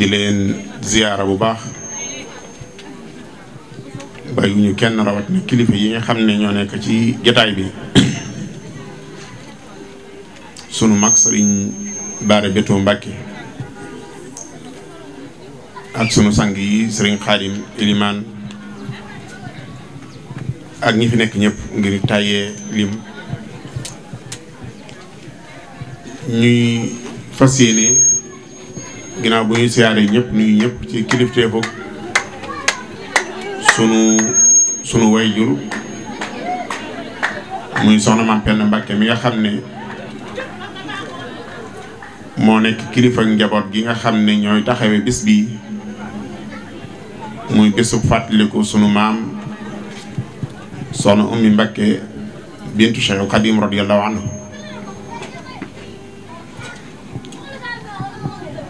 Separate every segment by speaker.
Speaker 1: di leen ziyaara bu baax ñu kenn rawat na kilifa yi nga xam ne ñoo nekk ci jataay bi sunu mag sëriñ Baare Bétoo Mbàkke ak sunu sang yi sëriñ Xaadim Ilimaan ak ñi fi nekk ñépp ngir tàyyee lim ñuy fas yéene ginaaw bu ñuy siyaaree ñëpp nuyu ñëpp ci kilifteefu sunu sunu wayjur muy soxna Mame Penda Mbacke mi nga xam ne moo nekk kilifa ak njaboot gi nga xam ne ñooy taxawee bis bii muy bésu fàttaliku sunu maam soxna Oumy Mbacke bintu Cheikh Khadim radiyallahu anhu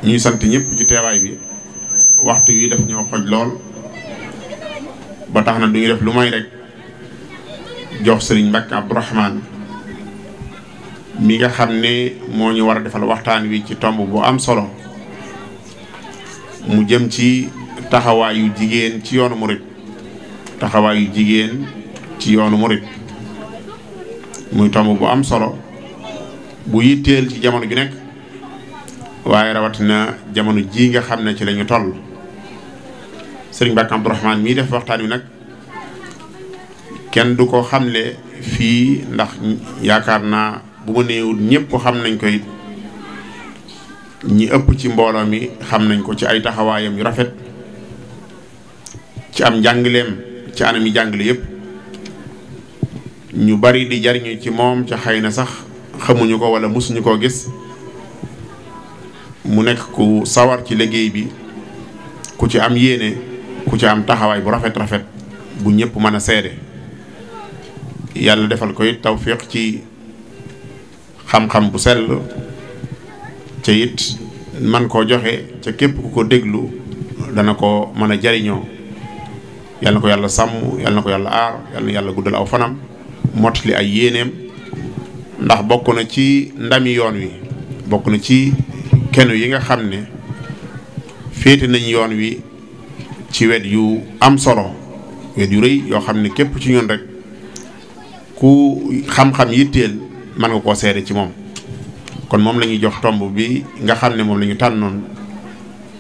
Speaker 1: ñuy sant ñëpp ci teewaay bi waxtu yi def ñoo xoj lool ba tax na du def lu may rek jox sëriñ Mbàkke Abdourahmane mi nga xam ni moo ñu war a defal waxtaan wi ci tomb bu am solo mu jëm ci taxawaay yu jigéen ci yoonu murit yu jigéen ci yoonu murit muy tomb bu am solo bu yitteel ci jamono ji nekk waaye rawatina jamono ji nga xam ne ci lañu toll sëriñ Mbàkke Abdourahmane mii def waxtaan wi nag kenn du ko xamle fii ndax yaakaar naa bu ma néewul ñëpp xam nañ ko ñi ëpp ci mbooloo mi xam nañ ko ci ay taxawaayam yu rafet ci am njàngaleem ci anam yi jàngale yëpp ñu bari di jariñu ci moom ca xëy na sax xamuñu ko wala musuñu koo gis mu nekk ku sawar ci liggéey bi ku ci am yéene ku ci am taxawaay bu rafet rafet bu ñëpp mën a seede yàlla defal ko it tawfiq ci xam-xam bu sell ca it man koo joxe ca képp ku ko déglu dana ko mën a jariñoo yàlla ko yàlla sàmm yàlla ko yàlla aar yàlla yàlla guddal aw fanam mottali ay yéeneem ndax bokk na ci ndami yoon wi bokk na ci kenu yi nga xam ne féete nañ yoon wi ci wet yu am solo wet yu rëy yoo xam ne képp ci ñun rek ku xam-xam yitteel mën nga koo seere ci moom kon moom lañuy jox tomb bi nga xam ne moom la ñu tànnoon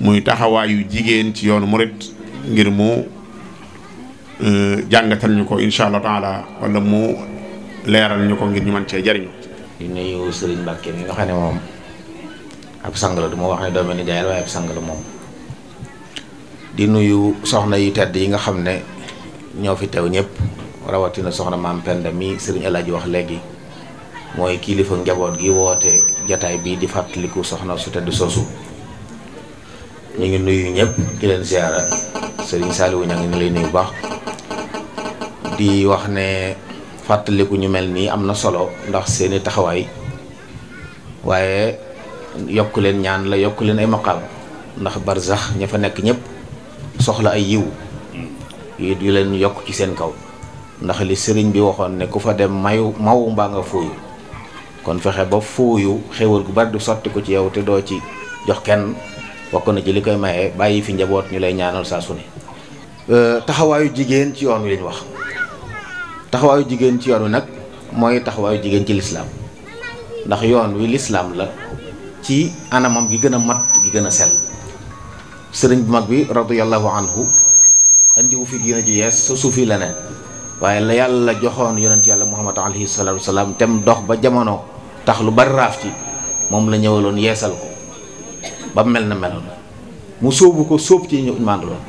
Speaker 1: muy taxawaayu jigéen ci yoonu murit ngir mu euh, jàngatal ñu ko incha allah taala wala mu leeral ñu ko ngir ñu mën cee jariñu di nuyu Serigne Mbacke mi nga xam ne moom. ab sang du moo wax ne doomi nijaay la waaye ab sang moom
Speaker 2: di nuyu soxna yu tedd yi nga xam ne ñoo fi teew ñëpp rawatina soxna maam Penda mi sëriñ El Hadj wax léegi mooy kilifa njaboot gi woote jataay bii di fàttaliku soxna su tedd soosu ñu ngi nuyu ñëpp di leen ziara sëriñ Saliou ña ngi lay nuyu bu baax di wax ne fàttaliku ñu mel nii am na solo ndax seeni taxawaay waaye yokk leen ñaan la yokk leen ay maqaam ndax barzax ña fa nekk ñëpp soxla ay yiw yi di leen yokk ci seen kaw ndax li sëriñ bi waxoon ne ku fa dem mayu mawu mbaa nga fooyu kon fexe ba fooyu xéwal gu bari du sotti ko ci yow te doo ci jox kenn bokk na ci li koy maye bàyyi fi njaboot ñu lay ñaanal saa su taxawaayu jigéen ci yoon wi lañ wax taxawaayu jigéen ci yoon wi nag mooy taxawaayu jigéen ci lislaam ndax yoon wi lislaam la ci anamam gi gën a mat gi gën a sell sëriñ bu mag bi radiyallahu anhu andiwu fi diina ji yees sa suufi leneen waaye la yàlla joxoon yonent yàlla muhammad alayhi salaatu wasalaam tem dox ba jamono tax lu bari raaf ci moom la ñëwaloon yeesal ko ba mel na meloon mu sóobu ko sóob ci ñu àndaloon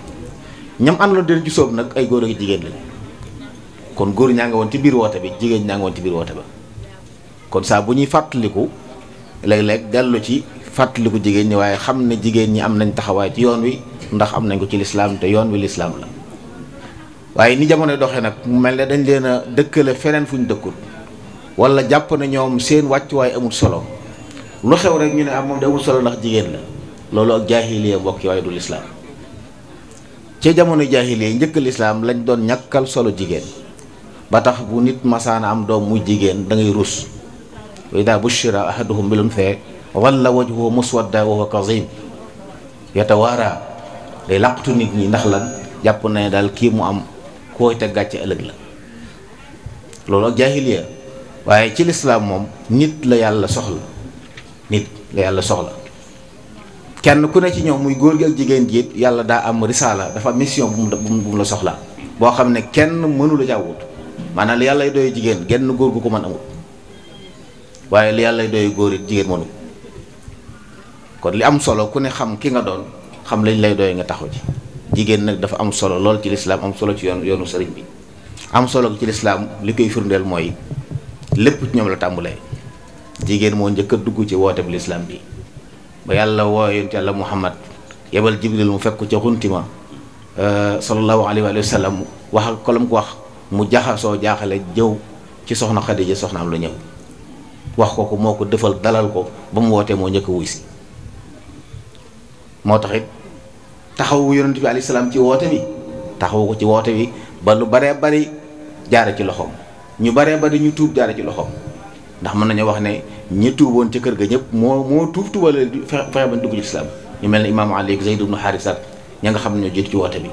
Speaker 2: ñam àndaloon dinañ ci sóob nag ay góor ak jigéen lañ kon góor ñaa ngi woon ci biir woote bi jigéen ñaa nga woon ci biir woote ba kon saa bu ñuy fàttaliku léeg-léeg dellu ci fàttaliku jigéen ñi waaye xam ne jigéen ñi am nañ taxawaay ci yoon wi ndax am nañ ko ci lislaam te yoon wi lislaam la waaye ni jamono doxee nag mu mel ne dañ leen a dëkkale feneen fu ñu dëkkul wala jàpp na ñoom seen wàccuwaay amul solo lu rek ñu ne am ah moom solo ndax jigéen la loolu ak jaahiliya mbokk yi du lislaam ci jamono jaahiliya njëkk lislaam lañ doon ñàkkal solo jigéen ba tax bu nit a am doom muy jigéen dangay ruus wa bu bushira ahaduhum bil unfa walla wajhuhu muswadda wa huwa kazim yatawaara day làqatu nit ñi ndax lan jàpp na daal kii mu am koo teg gàcce ëllëg la loolu ak jaahiliya waaye ci lislaam moom nit la yàlla soxla nit yàlla soxla kenn ku ne ci ñoom muy góor gi ak jigéen jiit yàlla daa am risaala dafa mission bu mu bu mu la soxla boo xam ne kenn mënul la jaa wut maanaam yàlla doy jigéen genn góor gu ko mën amut waaye li yàlla doy góor yi jigéen mënu kon li am solo ku ne xam ki nga doon xam lañ lay doy nga taxaw ci jigéen nag dafa am solo lool ci lislaam am solo ci yoon yoonu sëriñ bi am solo ci lislaam li koy firndeel mooy lépp ci ñoom la tàmbulee jigéen moo njëkk a dugg ci woote bi lislaam bi ba yàlla wooyun ci yàlla muhammad yebal jibril mu fekk ca xuntima euh, sallallahu alayhi wa sallam wax ak kolam ko wax mu jaxa soo jaaxalee jëw ci soxna xadija soxnaam la ñëw wax ko ko moo ko defal dalal ko ba mu wootee moo njëkk a wuy si moo tax it taxawu yonent bi alayhi salaam ci woote bi taxawu ko ci woote bi ba lu baree bari jaare ci loxoom ñu baree bari ñu tuub jaare ci loxoom ndax mën nañu wax ne ñi tuuboon ca kër ga ñëpp moo moo tuub tuubale fexe ba dugg ci islaam ñu mel ne imaamu Ali Zayd ibnu Haarisa ña nga xam ne ñoo jiitu ci woote bi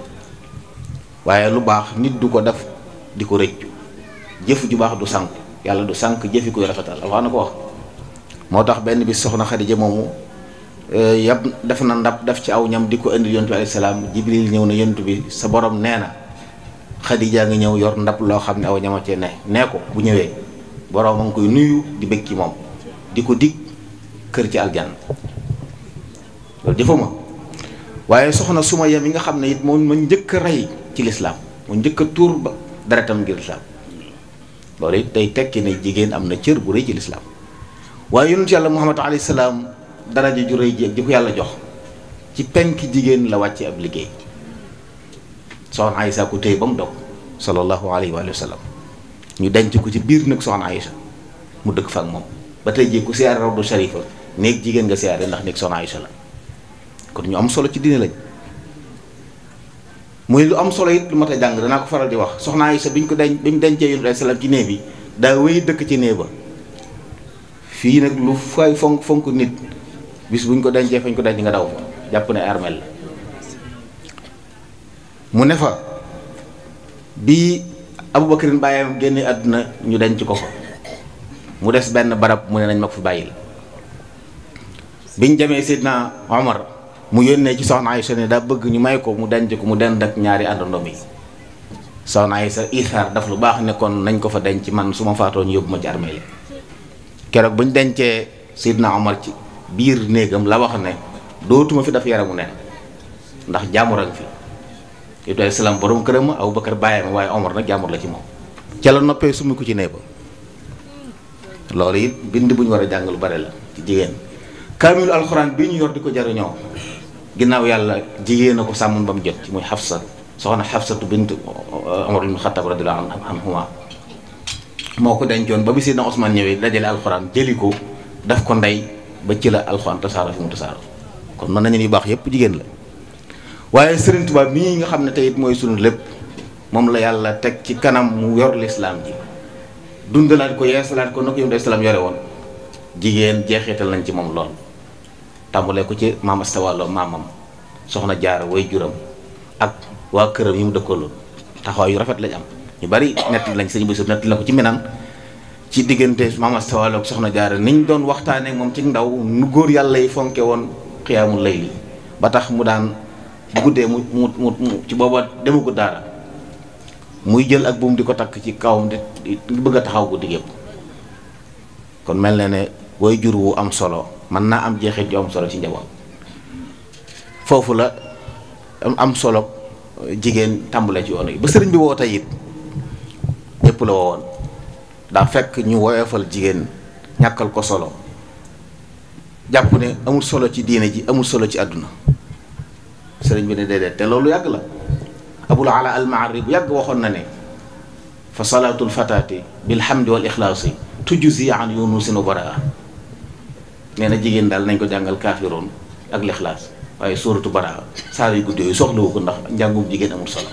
Speaker 2: waaye lu baax nit du ko def di ko rëccu jëf ju baax du sànku yàlla du sànq jëfi koy rafetal alxuraan ko wax moo tax benn bi soxna Xadija moomu eh, yab def na ndab daf ci aw ñam di ko indi yontu bi alayhi salaam jibril ñëw na yontu bi sa borom nee na Xadija nga ñëw yor ndab loo xam ne aw ñama cee ne nee ko bu ñëwee borom a ngi koy nuyu di bëgg ci moom di ko dig kër ci aljanna loolu jëfuma waaye soxna suma yam yi nga xam ne it moom ma njëkk rey ci lislaam mu njëkk tuur ba deretam ngir lislaam loolu it day tekki ne jigéen am na cër bu rëy ci lislaam waaye yonent yàlla Muhammad alayhi salaam daraja ju rëy ji ko yàlla jox ci penk jigéen la wàcce ab liggéey soxna Aïsa ku téye ba mu dog sallallahu alayhi wa ñu denc ko ci biir nag soxna Aïsa mu dëkk fa moom ba tey jii ku siyaare rawdu sharifa néeg jigéen nga siyaare ndax néeg soxna Aïsa la kon ñu am solo ci diine lañ muy lu am solo it lu mat a jàng danaa ko faral di wax soxna Aysa bi ñu ko denc bi ñu dencee yonent salaam ci néeg bi daa wéy dëkk ci néeg ba fii nag lu fay fonk fonk nit bis bu ñu ko dencee fañ ko denc nga daw fa jàpp ne armel la mu ne fa bi Abubakarin bàyyam génne àdduna ñu denc ko fa mu des benn barab mu ne nañ ma ko fi bàyyil biñ jamee Seydina Omar mu yónnee ci soxna Aysa ne daa bëgg ñu may ko mu denc ko mu dend ak ñaari àndandoom yi soxna Aysa isaar daf lu baax ne kon nañ ko fa denc man su faatoo ñu yóbbu ma ci keroog bu ñu dencee Sidna Omar ci biir néegam la wax ne dootuma fi daf yaramu ne ndax jaamur ak fi Ibrahima salaam borom këram Abu Bakar bàyyam waaye Omar nag jaamur la ci moom ca la noppee summi ko ci néeg ba loolu it bind bu ñu war a jàng lu bare la ci jigéen kaamilu alxuraan bi ñu yor di ko jariñoo ginnaaw yàlla jigéen a ko sàmmoon ba mu jot ci muy Xafsa soxna Xafsatu bint Omar ibn Xattaab radiyallaahu anhumaa moo ko dencoon ba bi Seydina Osmaan ñëwee dajale alxuraan jëli ko daf ko ndey ba ci la alxuraan tasaara fi mu tasaara kon mën nañu yu baax yépp jigéen la waaye Sëriñ Tuubaa mii nga xam ne tey mooy sunu lépp moom la yàlla teg ci kanam mu yor lislaam ji dundalaat ko yeesalaat ko na ko yom de islaam yore woon jigéen jeexital nañ ci moom lool tàmbalee ko ci maam astawalo maamam soxna jaara way juram ak waa këram yi mu dëkkaloo taxawaay yu rafet lañ am ñu bari nett lañ sëñ Bousso nett la ko ci minan ci diggante maam astawalo ak soxna jaara niñ doon waxtaanee moom ci ndaw nu góor yàlla yi fonke woon xiyaamu layli ba tax mu daan guddee mu mu mu ci booba demagul daara muy jël ak buum di ko takk ci kawam di bëgg a taxaw guddi yëpp kon mel na ne way jur wu am solo mën naa am jeexit yu solo ci njaboot foofu la am solo jigéen tàmbale ci yoon yi ba sëriñ bi woote it ñëpp la woowoon daa fekk ñu woyofal jigéen ñàkkal ko solo jàpp ne amul solo ci diine ji amul solo ci àdduna sëriñ bi ne déedéet te loolu yàgg la abul ala almaari bu yàgg waxoon na ne fa salaatul fataati bilhamdi wal ixlaasi tujzi an yunusin baraa nee na jigéen daal nañ ko jàngal kaafiroon ak lexlaas waaye sóoratu baraa saa yu gudd yu soxlawu ko ndax njàngum jigéen amul solo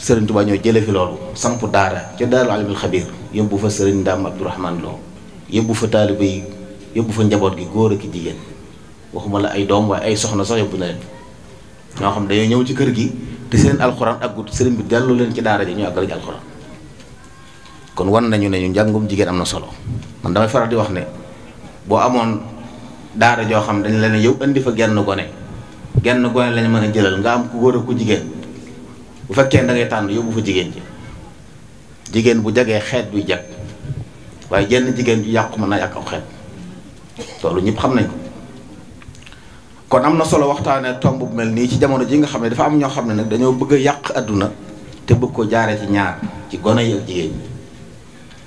Speaker 2: sëriñ Tuubaa ñoo jële fi loolu samp daara ca daaru alimul xabiir fa sëriñ Ndaam Abdourahman yóbbu fa taaliba yi yóbbu fa njaboot gi góor ak jigéen waxuma la ay doom waaye ay soxna sax yóbbu na leen xam dañoo ñëw ci kër gi te seen alxuraan akgut sëriñ bi delloo leen ci daara ji ñu àggale ci alxuraan kon wan nañu ne ñu njàngum jigéen am na solo man damay faral di wax ne boo amoon daara joo xam dañ la ne yow indi fa genn gone genn gone lañ mën a jëlal nga am ku góor a ku jigéen bu fekkee da tànn yóbbu fa jigéen ji jigéen bu jagee xeet buy jag waaye jenn jigéen ju yàqu ma na yàq aw xeet loolu ñëpp xam nañ ko kon am na solo waxtaanee tomb bu mel nii ci jamono ji nga xam ne dafa am ñoo xam ne nag dañoo bëgg yàq àdduna te bëgg ko jaaree ci ñaar ci gone yi jigéen ñi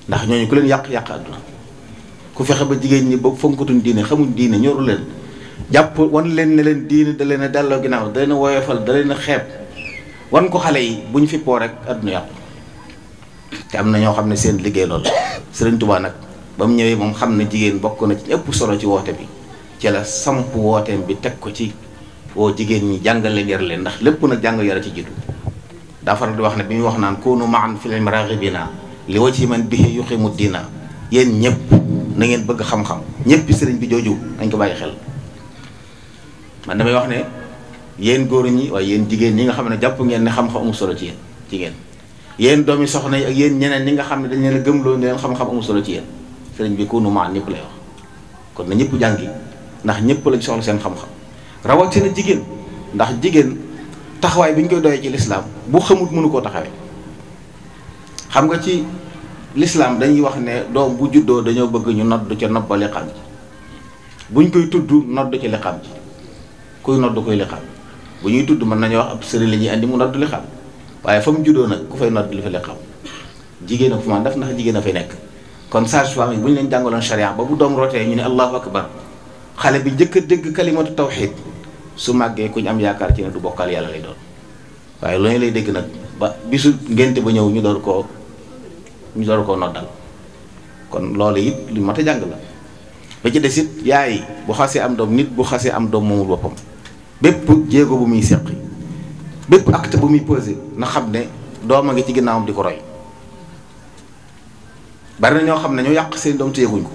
Speaker 2: ndax ñooñu ku leen yàq yàq àdduna ku fexe ba jigéen ñi ba fonkatuñ diine xamuñ diine ñoru leen jàpp wan leen ne leen diine da leen a delloo ginnaaw da leen a woyofal wan ko xale yi bu ñu fippoo rek àdduna yàqu te am na ñoo xam ne seen liggéey loolu Sëriñ Tuubaa nag ba mu ñëwee moom xam ne jigéen bokk na ci ëpp solo ci woote bi ci la samp wooteem bi teg ko ci woo jigéen ñi jàngale yar leen ndax lépp nag jàng yar ci jiitu daa faral di wax ne bi muy wax naan kunu maan fil ilmi raghibina li wajhi man bihi yuqimu diina yéen ñëpp na ngeen bëgg xam-xam ñëpp sëriñ bi jooju nañ ko bàyyi xel man damay wax ne yéen góor ñi waaye yéen jigéen ñi nga xam ne jàpp ngeen ne xam-xam amul solo ci yéen jigéen yéen doomi soxna yi ak yéen ñeneen ñi nga xam ne dañ leen a leen xam-xam solo ci yéen sëriñ bi ku nu maan ñëpp lay wax kon na ñëpp jàngi ndax ñëpp lañ soxla seen xam-xam rawatina jigéen ndax jigéen taxawaay bi ñu koy doyee ci lislaam bu xamut mënu koo taxawee xam nga ci lislaam dañuy wax ne doom bu juddoo dañoo bëgg ñu nodd ca nopp ba liqaam ji buñ koy tudd nodd ca liqaam ji kuy nodd koy liqaam bu ñuy tudd mën nañu wax ab sëriñ la ñuy andi mu nodd liqaam waaye fa mu juddoo nag ku fay nodd li fa liqaam jigéen ak fu ma def ndax jigéen a fay nekk kon sage-femme yi bu ñu leen jàngaloon doom rootee ñu ne allahu akbar xale bi njëkk a dégg kalimatu tawxid su màggee ku ñu am yaakaar ci ne du bokkal yàlla lay doon waaye loolu lay dégg nag ba bisu ngénte ba ñëw ñu door koo ñu door koo noddal kon loolu it lu mat a jàng la ba ci des it yaay bu xasee am doom nit bu xasee am doom moomul boppam bépp jéego bu muy seqi bépp acte bu muy posé na xam ne doom a ngi ci ginnaawam di ko roy bari na ñoo xam ne ñoo yàq seen doom ko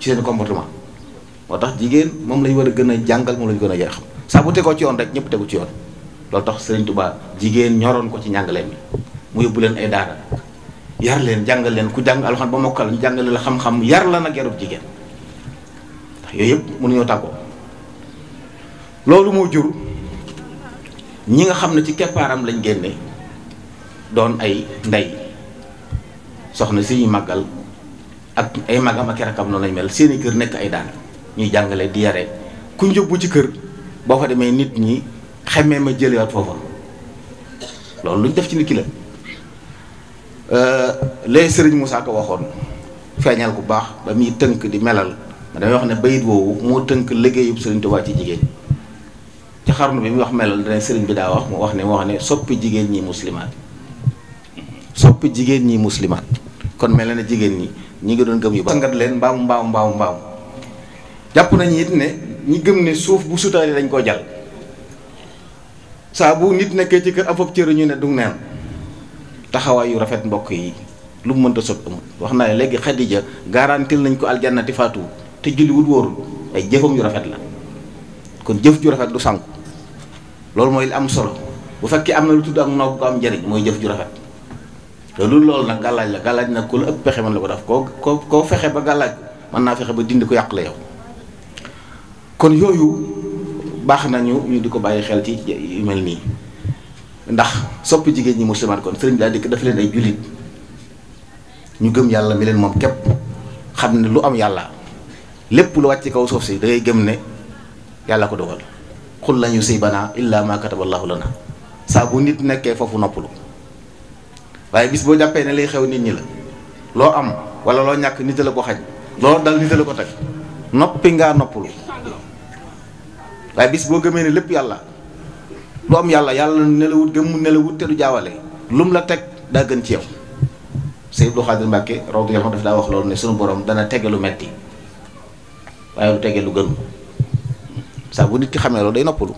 Speaker 2: ci seen comportement moo tax jigéen moom lañu war a gën a jàngal moom lañ gën a yar xam saa bu tegoo ci yoon rek ñëpp tegu ci yoon loolu tax Sëriñ Tuubaa jigéen ñoroon ko ci njàngaleem mi mu yóbbu leen ay daara yar leen jàngal leen ku jàng alxuraan ba mokkal jàngale la xam-xam yar la nag yarub jigéen ndax yooyu yëpp mënuñoo tàggoo loolu moo jur ñi nga xam ne ci keppaaram lañ génne doon ay ndey soxna si ñu màggal ak ay magam ak rakam noonu lañ mel seeni kër nekk ay daan ñuy jàngale di yare ku njëbbu ci kër boo fa demee nit ñi xemee ma jëlewaat foofa loolu luñ def ci nit ki la Euh, léegi sëriñ Moussa ko waxoon feeñal bu baax ba muy tënk di melal ma damay wax ne bayit woowu moo tënk liggéeyub sëriñ ci jigéen ci xarnu bi muy wax melal dana sëriñ bi daa wax mu wax ne mu wax ne soppi jigéen ñi muslimaat soppi jigéen ñi muslimaat kon mel na jigéen ñi ñu ngi doon gëm yu baax sangat leen mbaamu mbaamu mbaamu mbaamu jàpp nañu it ne ñi gëm ne suuf bu sutaalee dañ koo jal saa bu nit nekkee ci kër ab fab cër ñu ne du neen taxawaay yu rafet mbokk yi lu mu mënta sot amul wax naa ne léegi Xadija garantil nañ ko aljannati faatu te julli wut ay jëfam yu rafet la kon jëf ju rafet du sànku loolu mooy li am solo bu fekkee am na lu tudd ak noob am njëriñ mooy jëf ju rafet loolu loolu nag gàllaaj la gàllaaj nag ku la ëpp pexe mën la ko def koo koo koo fexe ba gàllaaj man naa fexe ba dindi ko yàq la yow kon yooyu baax nañu ñu di ko bàyyi xel ci mel nii ndax sopp jigéen ñi musulmaan kon sëriñ bi daal di def leen ay jullit ñu gëm yàlla mi leen moom képp xam ne lu am yàlla lépp lu wàcc kaw suuf si da ngay gëm ne yàlla ko dogal xul lañu siy banaa illa ma kataballaahu lana saa bu nit nekkee foofu noppalu waaye bis boo jàppee ne lay xew nit ñi la loo am wala loo ñàkk nit la ko xañ loolu dal nit la ko teg noppi ngaa noppalu waaye bis boo gëmee ne lépp yàlla lu am yàlla yàlla ne la mu gëmm ne la wut te du jaawale lum la teg daa gën ci yow Seydi Abdou Khadre Mbàkke radiyallahu anhu daf daa wax loolu ne sunu boroom dana tege lu metti waaye lu tege lu gën saa bu nit ki xamee loolu day noppalu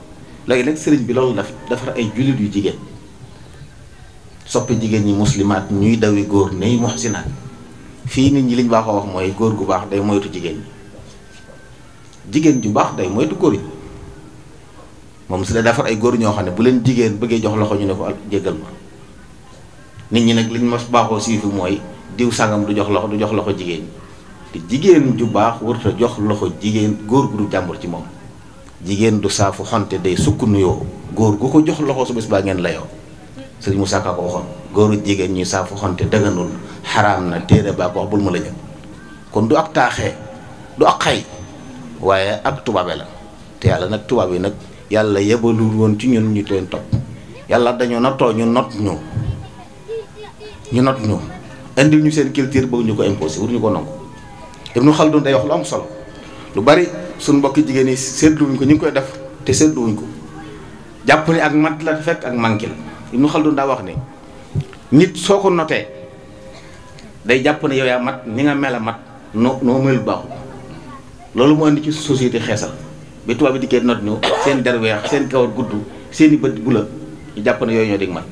Speaker 2: léegi nag sëriñ bi loolu daf defar ay jullit yu jigéen soppi jigéen ñi muslimaat ñuy dawi góor si muhsinaat fii nit ñi liñ baaxoo wax mooy góor gu baax day moytu jigéen jigéen ju baax day moytu góor yi moom si la defar ay góor ñoo xam ne bu leen jigéen bëggee jox loxo ñu ne ko jéggal ma nit ñi nag liñ ma baaxoo siifu mooy diw sangam du jox loxo du jox loxo jigéen te jigéen ju baax warut jox loxo jigéen góor gu du jàmbur ci moom jigéen du saafu xonte day sukk nuyoo góor gu ko jox loxo su bés baa ngeen layoo sëriñ Moussa Ka ko waxoon góoru jigéen ñuy saafu xonte dëgganul xaraam na téere baa ko wax bul ma la kon du ak taaxe du ak xay waaye ak tubaabe la te yàlla nag tubaab yi nag yàlla yebalul woon ci ñun ñu leen topp yàlla dañoo nattoo ñu not ñu ñu not ñu indil ñu seen culture bëgg ñu ko imposé wuñu ko nangu Ibnu Xaldun day wax lu am solo lu bari suñ mbokki jigéen yi seetluwuñ ko ñu ngi koy def te seetluwuñ ko jàpp ni ak mat la fekk ak manqué la Ibnu Xaldun daa wax ni nit soo ko notee day jàpp ne yow yaa mat ni nga mel a mat noo noo mel baaxul loolu mu indi ci société xeesal ba tubaab di dikkee not ñu seen der weex seen kawar gudd seeni i bët bu jàpp na yooyu ñoo dig man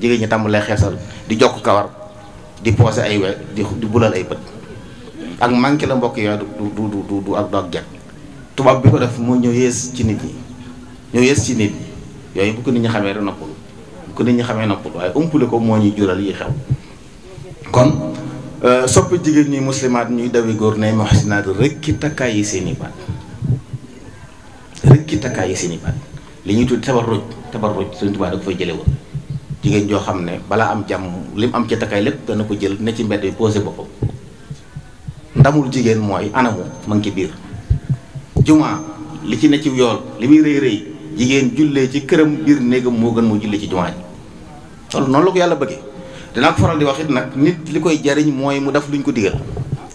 Speaker 2: jigéen ñi tàmbalee xeesal di jokk kawar di poosé ay we di bulal ay bët ak manqué la mbokk yooyu du du du ak du tubaab bi ko def moo ñëw yées ci nit ñi ñëw yées ci nit ñi yooyu bu ko nit ñi xamee noppul bu ko nit ñi xamee noppul waaye umpule ko moo ñuy jural yi xew kon euh, sopp jigéen ñi muslimaat ñuy dawi góor ne muhsinaat ki takkaay yi seen i baat ci takkaayu seen i baat li ñuy tudd tabarruj tabarruj Sëriñ Tuubaa da ko fay jële woon jigéen joo xam ne balaa am jàmm li mu am ci takkaay lépp dana ko jël ne ci mbedd bi posé boppam ndamul jigéen mooy anamu ma ngi ci biir jumaa li ci ne ci yool li muy rëy rëy jigéen jullee ci këram biir néegam moo gën moo jullee ci jumaa ji noonu la ko yàlla bëggee danaa ko faral di wax it nag nit li koy jariñ mooy mu def luñ ko digal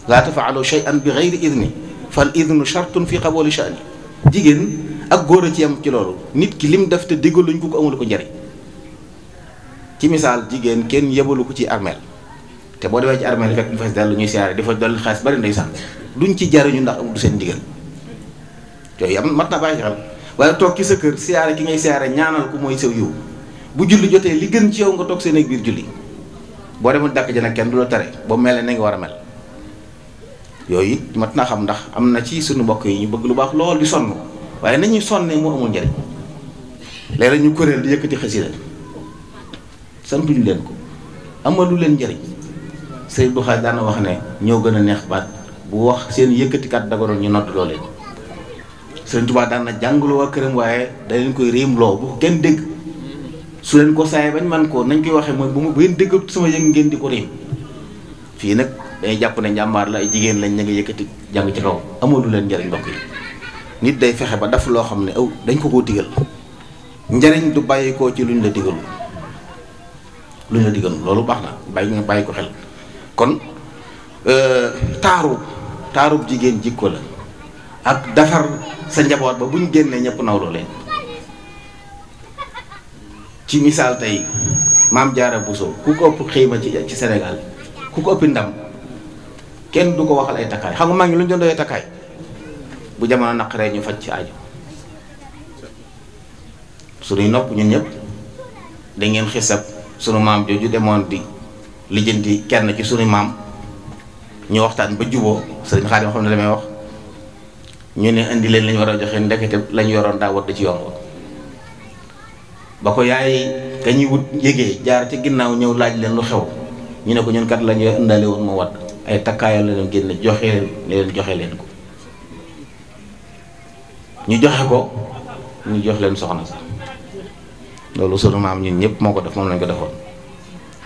Speaker 2: laa tafaalu shay'an bi ghayri idni fal idnu ak góor a ci yam ci loolu nit ki lim def te diggaluñ ko ko amul ko njariñ ci misaal jigéen kenn yebalu ko ci armeel te boo demee ci armeel fekk bu fees dal lu ñuy siyaare dafa dolli xaalis bari ndeysaan duñ ci jariñu ndax amul seen ndigal yooyu am mat na bàyyi xel waaye toog ci sa kër siyaare ki ngay siyaare ñaanal ko mooy sew yiw bu julli jotee li gën ci yow nga toog seen ak biir julli boo demul dàkk ja nag kenn du la tare boo mel na nga war a mel yooyu mat naa xam ndax am na ci suñu mbokk yi ñu bëgg lu baax lool di sonn waaye nañuy sonne moo amul njariñ léeg-léeg ñu kuréel di yëkkati xasida santuñu leen ko amalu leen njariñ Sëriñ Abdou Khadre daana wax ne ñoo gën a neex baat bu wax seen yëkkatikat dagoroon ñu nodd loolee Sëriñ Tuubaa daan na jàngaloo waa këram waaye da leen koy réem loo bu kenn dëgg su leen ko saayee bañ man ko nañ koy waxee mooy bu ma bu ngeen dégg sama yëng ngeen di ko réem fii nag dañuy jàpp ne njàmbaar la ay jigéen lañ ña ngi yëkkati jàng ci kaw amalu leen njariñ mbokk yi nit day fexe ba daf loo xam ne aw dañ ko koo digal njariñ du bàyyi koo ci luñ la digalul luñ la digalul loolu baax na bàyyi nga bàyyi ko xel kon euh, taaru taarub jigéen jikko la ak defar sa njaboot ba bu ñu génnee ñëpp nawloo leen ci misaal tey maam jaara Bousso ku ko ëpp xiima ci ci Sénégal ku ko ëppi ndam kenn du ko waxal ay takkaay xam nga maa ngi lu ñu doon doyee takkaay bu jamono naqaree ñu faj ci aajo suñuy nopp ñun ñëpp da ngeen xisab sunu maam jooju demoon di lijjanti kenn ci sunu maam ñu waxtaan ba juboo sëriñ Xaadim xam ne damay wax ñu ne indi leen lañu war a joxe ndekete lañu yoroon daa war ci yomb ba ko yaay dañuy wut yégee jaar ci ginnaaw ñëw laaj leen lu xew ñu ne ko ñun kat lañu indaale woon moo wadd ay takkaayal la leen génne joxe leen joxe leen ko ñu joxe ko ñu jox leen soxna sax loolu sunu maam ñun ñëpp moo ko def moom lañ ko defoon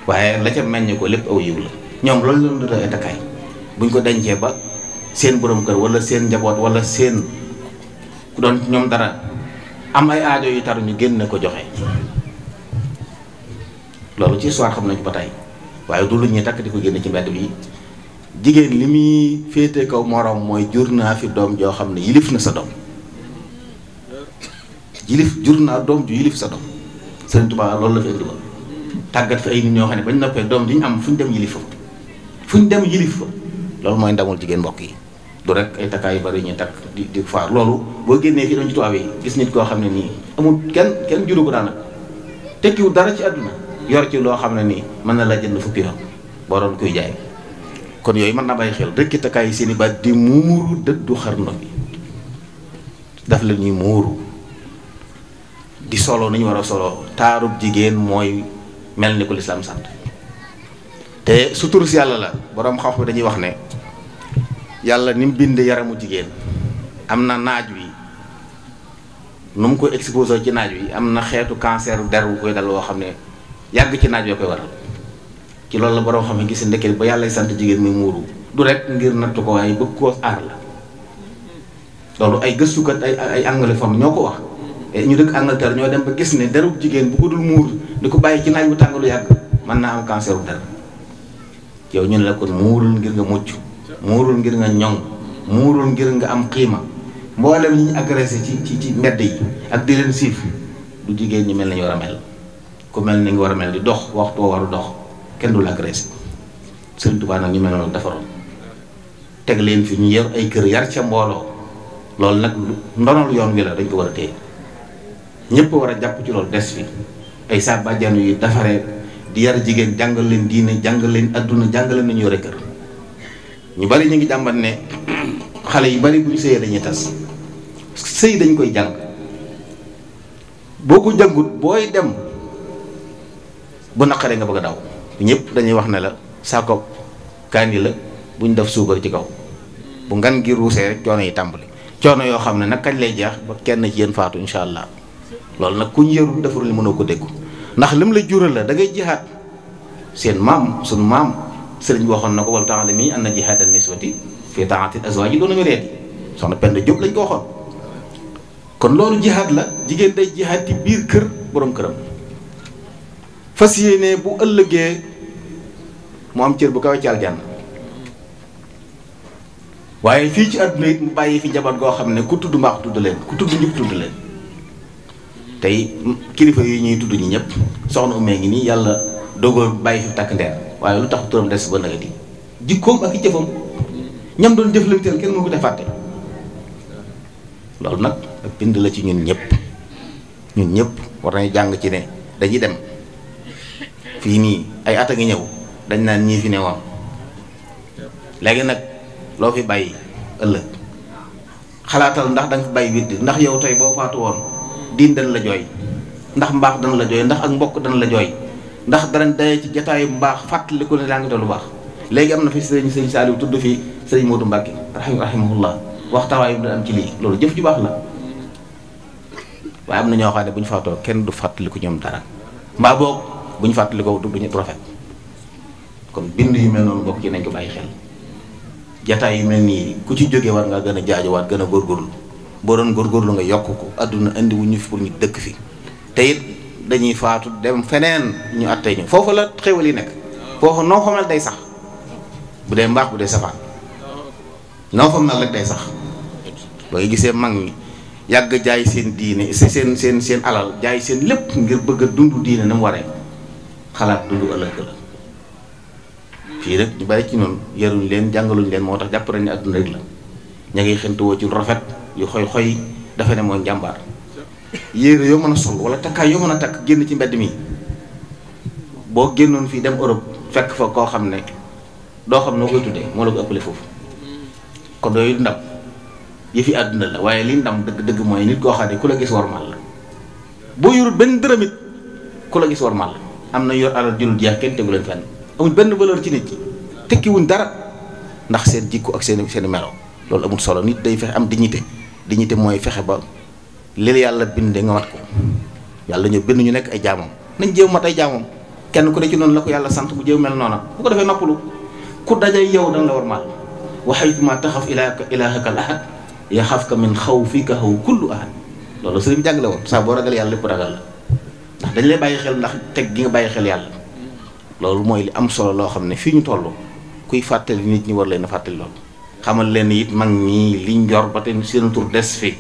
Speaker 2: waaye la ca meññ ko lépp aw yiw la ñoom loolu lañ doon ay takkaay buñ ko dencee ba seen borom kër wala seen njaboot wala seen ku doon ñoom dara am ay aajo yu tar ñu génn ko joxe loolu ci histoire xam nañu ba tey waaye du lu ñuy takk di ko génn ci mbedd bi jigéen li muy féete kaw moroom mooy jur naa fi doom joo xam ne yilif na sa doom yilif jur naa doom ju yilif sa doom Sëriñ Tuubaa loolu la fi indi woon tàggat fi ay nit ñoo xam ne bañ noppee doom ji ñu am fu ñu dem yilif fa fu ñu dem yilif fa loolu mooy ndamul jigéen mbokk yi du rek ay takkaay yu bari ñuy takk di di loolu boo génnee fii doon ci tubaab gis nit koo xam ne nii amul kenn kenn juru ko daanaka tekkiwul dara ci àdduna yor ci loo xam ne nii mën na la jënd fukki yoon boo doon kuy jaay kon yooyu mën na bàyyi xel rëkki takkaay yi seen i baat di muuru dëddu xarno bi daf la ñuy muuru di solo ni ñu war a solo taaru jigéen mooy mel ni ko lislaam sant te su turu yàlla la boroom xam-xam dañuy wax ne yàlla ni mu bind yaramu jigéen am na naaj wi nu mu ko exposé ci naaj wi am na xeetu cancer der wu koy dal woo xam ne yàgg ci naaj wee koy waral ci loolu la boroom xam ne gis ndekket ba yàlla sant jigéen muy muuru du rek ngir nattu ko waaye bëgg koo aar la loolu ay gëstukat ay ay ñoo ko wax Eh, ñu dëkk Angleterre ñoo dem ba gis ne derub jigéen bu ko dul muur di ko bàyyi ci naaj bu tàng lu yàgg man naa am cancer bu yow ñu ne la kon muurul ngir nga mucc muurul ngir nga ñoŋ muurul ngir nga am xiima mboolem ñi ñu agressé ci ci ci yi ak di leen siif du jigéen ñi mel nañu war a mel ku mel ni nga war a mel di dox waxtu waru dox kenn du la Sëriñ Tuubaa ñu mel noonu defaroon teg leen fi ñu yor ay kër yar ca mbooloo loolu nag ndonal yoon wi la dañ ko war a ñëpp war a jàpp ci loolu des fi ay saa bàjjan yu defaree di yar jigéen jàngal leen diine jàngal leen adduna jàngal leen nañu yore kër ñu bari ñu ngi jàmbat ne xale yu bari bu ñu sëyee dañuy tas sëy dañ koy jàng boo ko jàngut booy dem bu naqaree nga bëgg daw ñëpp dañuy wax ne la saako kaani la bu ñu def suukar ci kaw bu ngan ngir ruusee rek coono yi tàmbali coono yoo xam ne nag kañ lay jeex ba kenn ci yéen faatu incha allah. loolu nag ku ñu yarul defarul li mënoo ko déggu ndax lim la jural la dangay ngay seen maam sunu maam sëriñ waxoon na ko wala taala mi an na jihaat an niswati fii taatil azwaaj yi doon nañu reet soxna Penda Diop lañ ko waxoon kon loolu jihaat la jigéen day jihaat ci biir kër borom këram fas yéene bu ëllëgee mu am cër bu kawe ci aljanna waaye fii ci àdduna it mu bàyyi fi njaboot goo xam ne ku tudd mbaax tudd leen ku tudd njub tudd leen tey kilifa yi ñuy tudd ñi ñëpp soxna umee ngi nii yàlla dogal bàyyi fi takk ndeer waaye lu tax turam des ba nagati jikkoom ak i jëfam ñam doon jëflanteel kenn mënu ko defaate loolu nag bind la ci ñun ñëpp ñun ñëpp war nañu jàng ci ne dañuy dem fii nii ay at a ñëw dañ naan ñii fi ne woon léegi nag loo fi bàyyi ëllëg xalaatal ndax danga fi bàyyi widd ndax yow tey boo faatu woon diin dana la jooy ndax mbaax dana la jooy ndax ak mbokk dana la jooy ndax danañ daje ci jataayu mbaax fàttaliku ne laa ngi doon lu baax léegi am na fi sëriñ sëriñ Saliou tudd fi sëriñ Modou Mbacke rahimahullah waxtaawaay bi da am ci lii loolu jëf ju baax la waaye am na ñoo xam ne bu ñu faatoo kenn du fàttaliku ñoom dara mbaa boog bu ñu fàttalikoo du du rafet kon bind yu mel noonu bokk ci nañ ko bàyyi xel jataay yu mel nii ku ci jógee war ngaa gën a jaajo waat gën a góorgóorlu boo doon góorlu nga yokk ko àdduna indi wu ñu fi pour ñu dëkk fi te dañuy faatu dem feneen ñu attee ñu foofu la xéwal yi nekk foofu noo fa mel day sax bu dee mbaax bu dee safaan
Speaker 1: noo fa mel day sax
Speaker 2: ba nga gisee mag ñi yàgg jaay seen diine seen seen seen alal jaay seen lépp ngir bëgg a dund diine na mu waree xalaat dund ëllëg la fii rek ñu bàyyi ci noonu yaruñ leen jàngaluñ leen moo tax jàpp nañ ne rek la ña ngi xëntewoo ci rafet. yu xoy-xoy dafa ne mooy njàmbaar yére yoo mën a sol wala takkaay yoo mën a takk génn ci mbedd mi boo génnoon fii dem Europe fekk fa koo xam ne doo xam noo koy tuddee moo la foofu kon yooyu ndam yëfi àdduna la waaye li ndam dëgg-dëgg mooy nit koo xam ne ku la gis warmal la boo yorul benn dërëmit ku la gis warmal la am na yor alal jëlul jeex kenn tegu leen fenn amuñ benn valeur ci nit ki tekkiwuñ dara ndax seen jikko ak seen seen melo loolu amul solo nit day fexe am dignité di dignité mooy fexe ba lil yàlla bind bindee nga mat ko yàlla ñu benn ñu nekk ay jaamam nañ jéem mat ay jaamam kenn ku ne ci noonu la ko yàlla sant bu jéem mel noona bu ko defee ku daje yow danga la war maal waxaytuma taxaf ilaaka ilaahaka al ahad yaxafka min xaw fii ka xaw kullu ahad loolu sëriñ jàngale woon saa boo ragal yàlla lépp ragal la ndax dañ lay bàyyi xel ndax teg gi nga bàyyi xel yàlla loolu mooy li am solo loo xam ne fii ñu toll kuy fàttali nit ñi war leen a fàttali loolu xamal leen it mag ñii liñ yor ba te seen tur des fi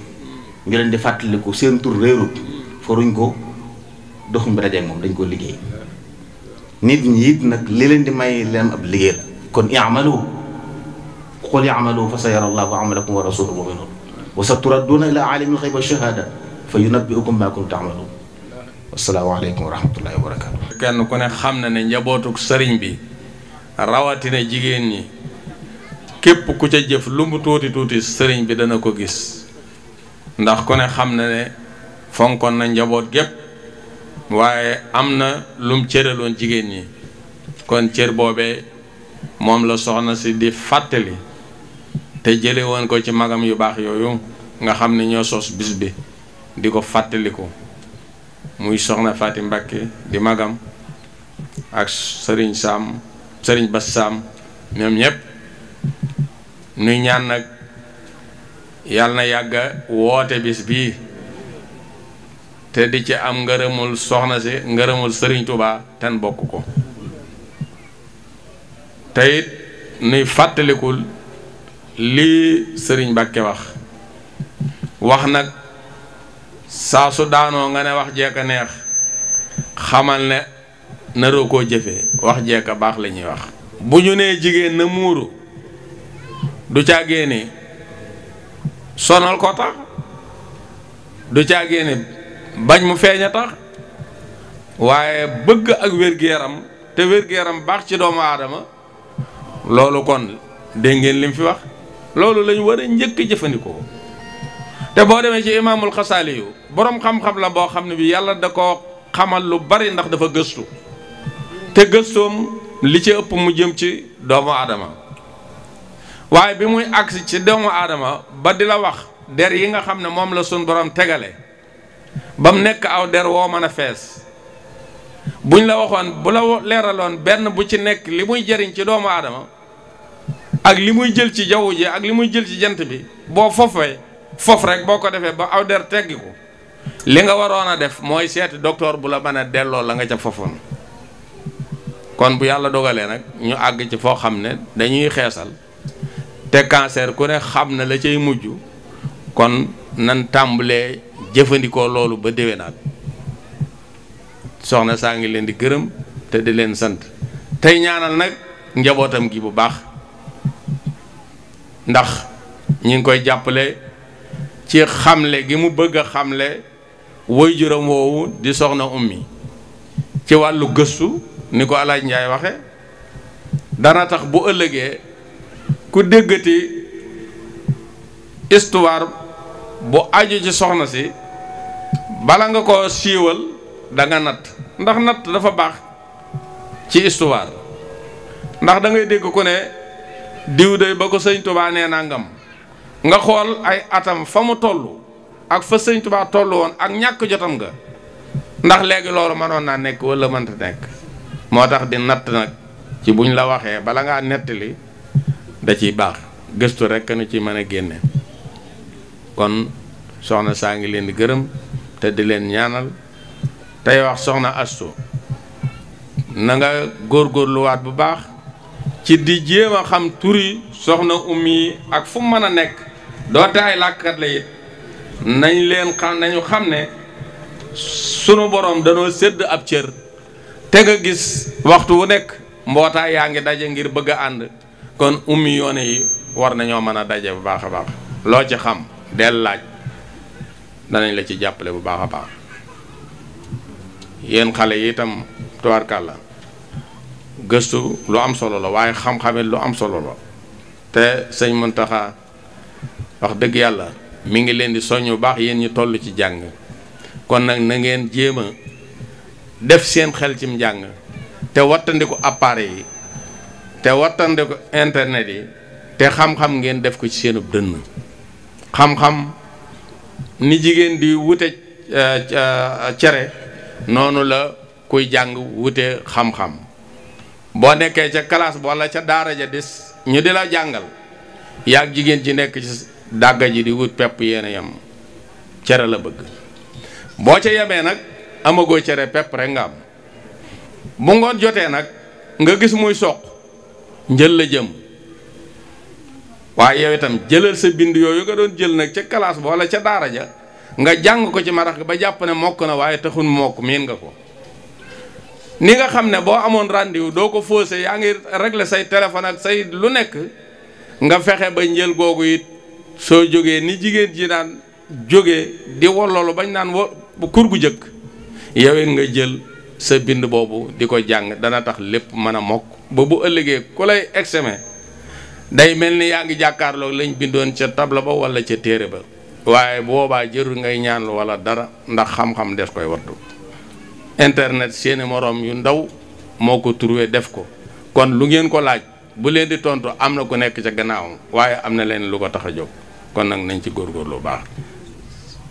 Speaker 2: ñu leen di fàttaliku seen tur réerut foruñ ko doxuñ ba dajeeg moom dañ koo liggéey nit ñi it nag li leen di may leen ab liggéey la kon i'malu qul i'malu fa sayara allahu amalakum wa rasuluhu mu'minun wa sa turadduuna ila aalimi lxaybi wa shahada fa yunabbiukum ma kuntum ta'malun asalaamaaleykum wa rahmatullahi wa barakatu
Speaker 3: kenn ku ne xam na ne njabootuk sëriñ bi rawatina jigéen ñi képp ku ca jëf lu mu tuuti tuuti sëriñ bi dana ko gis ndax ku ne xam na ne fonkoon na njaboot gépp waaye am na lum cëraloon jigéen ñi kon cër boobee moom la soxna si di fàttali te jële woon ko ci magam yu baax yooyu nga xam ne ñoo sos bis bi di ko fàttaliku muy soxna Faati Mbàkke di magam ak sëriñ Saam sëriñ Bas Saam ñoom ñépp nuy ñaan nag yàlla na yàgga woote bis bii te di ci am ngërëmul soxna si ngërëmul sëriñ Touba ten bokk ko te nuy fàttalikul lii sëriñ Mbàkke wax wax nag saa su daanoo nga ne wax jekk a neex xamal ne naroo koo jëfee wax jekk a baax la ñuy wax bu ñu nee jigéen na muuru du caagee ni sonal ko tax du caagee ne bañ mu feeñ a tax waaye bëgg ak wér-gu-yaram te wér-gu-yaram baax ci doomu aadama loolu kon dégg ngeen lim fi wax loolu lañu war a njëkk jëfandikoo te boo demee ci imaamul xasaali boroom xam-xam la boo xam ne bi yàlla da ko xamal lu bari ndax dafa gëstu te gëstoom li ci ëpp mu jëm ci doomu aadama waaye bi muy agsi ci doomu aadama ba di la wax der yi nga xam ne moom la sun borom tegale ba mu nekk aw der woo mën a fees buñ la waxoon bu la leeraloon benn bu ci nekk li muy jëriñ ci doomu aadama ak li muy jël ci jaww ji ak li muy jël ci jant bi boo fofee fof rek boo ko defee ba aw der teggi ko li nga waroon a def mooy seeti docteur bu la mën a delloo la nga ca fofoon kon bu yàlla dogalee nag ñu àgg ci foo xam ne dañuy xeesal te cancer ku ne xam na la cay mujj kon nan tàmbalee jëfandikoo loolu ba déwénaat soxna saa ngi leen di gërëm te di leen sant tey ñaanal nag njabootam gi bu baax ndax ñu ngi koy jàppale ci xamle gi mu bëgg a xamle woy juróom woowu di soxna ummi ci wàllu gëstu ni ko alaaj njaay waxe dana tax bu ëllëgee ku déggati histoire bu aju ci soxna si bala nga ko siiwal da nga natt ndax natt dafa baax ci histoire ndax dangay ngay dégg ku ne diw day ba ko sëñ tubaa nee nangam nga xool ay atam fa mu toll ak fa sëñ tubaa toll woon ak ñàkk jotam ga ndax léegi loolu mënoon naa nekk wala mënta nekk moo tax di natt nag ci buñ la waxee bala ngaa nettali da ci baax gëstu rek nu ci mën a génne kon soxna saa ngi leen di gërëm te di leen ñaanal tey wax soxna astu na nga góorgóorluwaat bu baax ci di jéem a xam turi soxna ummi yi ak fu mën a nekk doote ay làkkat la leen xam nañu xam ne sunu boroom danoo sedd ab cër te nga gis waxtu wu nekk mbootaay yaa ngi daje ngir bëgg a ànd kon ummi yoone yi war nañoo mën a daje bu baax a baax loo ci xam del laaj danañ la ci jàppale bu baax a baax yéen xale yi itam tubaarkàlla gëstu lu am solo la waaye xam-xamit lu am solo la te sëñ Muntaxa wax dëgg yàlla mi ngi leen di soñ bu baax yéen ñi toll ci jàng kon nag na ngeen jéem a def seen xel cim njàng te wattandiku appareil yi te wattande ko internet yi te xam-xam ngeen def ko ci seenub dënn xam-xam ni jigéen di wute eh, cere noonu la kuy jàng wute xam-xam boo nekkee ca classe wala ca daara ja des ñu di la jàngal yaag jigéen ji nekk ci dàgga ji di wut pepp yéen yam cere la bëgg boo ca yamee nag amagoo cere pepp rek nga am bu ngoon jotee nag nga gis muy soq njël la jëm waaye yow itam jëlal sa bind yooyu nga doon jël nag ca kalaas ba wala ca daara ja nga jàng ko ci marax ba jàpp ne mokk na waaye taxul mokk miin nga ko ni nga xam ne boo amoon rendez doo ko faussé yaa ngi régler say téléphone ak say lu nekk nga fexe ba njël googu it soo jógee ni jigéen ji naan jóge di wolloolu bañ naan wo kur gu jëkk yow it nga jël sa bind boobu di ko jàng dana tax lépp mën a mokk ba bu ëllëgee ku lay examen day mel ni yaa ngi jàkkaarloog lañ bindoon ca tabla ba wala ca téere ba waaye boobaa jërul ngay ñaanlu wala dara ndax xam-xam des koy wattu internet seeni moroom yu ndaw moo ko trouvé def ko kon lu ngeen ko laaj bu leen di tontu am na ku nekk ca gannaawam waaye am na leen lu ko tax a jóg kon nag nañ ci góorgóorlu bu baax